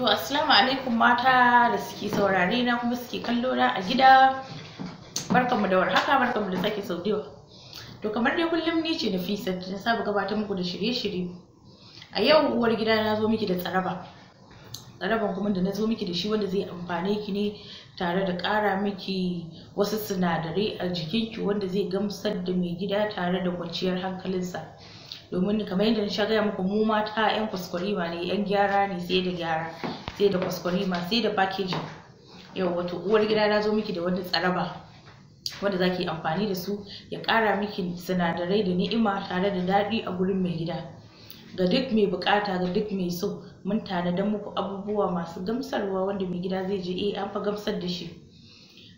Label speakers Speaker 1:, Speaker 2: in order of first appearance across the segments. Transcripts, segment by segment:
Speaker 1: To assalamu alaikum mata da suke saurare na kuma suke kallo na a gida. Barkanmu da warhaka, barkanmu da sake saudewa. To kamar dai kullum ni ce Nafisa da saba gabatar muku da shirye-shirye. A yau uwar gida na zo miki da tsaraba. Tsaraban kuma da na zo miki da shi wanda zai amfane ki ne tare da ƙara miki wasu sinadarai a jikinki wanda zai gamsar da mai gida tare da kwanciyar hankalinsa. domin kamar yadda na gaya muku mu mata yan kwaskwarima ne yan gyara ne sai da gyara sai da kwaskwarima sai da package yau wato uwar gida na zo miki da wani tsaraba wanda za ki amfani da su ya kara miki sinadarai da ni'ima tare da daɗi a gurin mai gida ga duk mai bukata ga duk mai so mun da muku abubuwa masu gamsarwa wanda mai gida zai je eh an fa gamsar da shi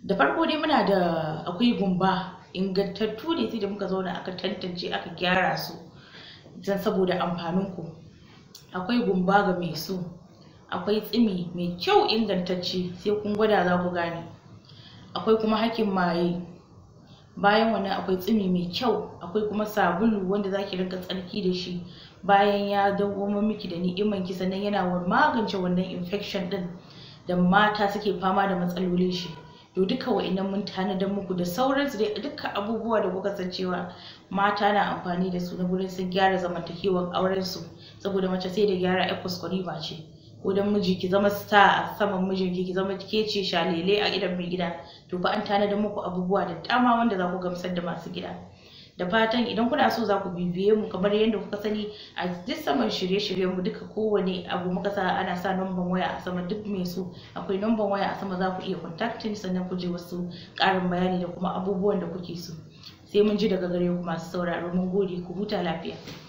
Speaker 1: da farko dai muna da akwai gumba ingantattu ne sai da muka zauna aka tantance aka gyara su don saboda amfanin ku akwai gumba ga mai so akwai tsimi mai kyau ingantacce sai kun gwada za ku gane akwai kuma hakin maye bayan wannan akwai tsimi mai kyau akwai kuma sabulu wanda zaki ki rinka tsarki da shi bayan ya dawwama miki da ni'iman ki sannan yana magance wannan infection din da mata suke fama da matsalolin shi to duka wa'annan mun tanadar muku da sauransu dai dukkan abubuwa da kuka san cewa mata na amfani da su na gurin sun gyara zamantakewar auren su saboda mace sai da gyara ai kuskure ba ce ko dan miji ki zama star a saman mijinki ki zama ke ce shalele a idan mai gida to ba an tanadar muku abubuwa da dama wanda za ku gamsar da masu gida da fatan idan kuna so za ku bibiye mu kamar yadda kuka sani a duk saman shirye-shiryen mu duka kowane abu muka sa ana sa numban waya a sama duk mai so akwai numban waya a sama za ku iya contacting sannan ku je wasu ƙarin bayani da kuma abubuwan da kuke so sai mun ji daga gare ku masu sauraro mun gode ku huta lafiya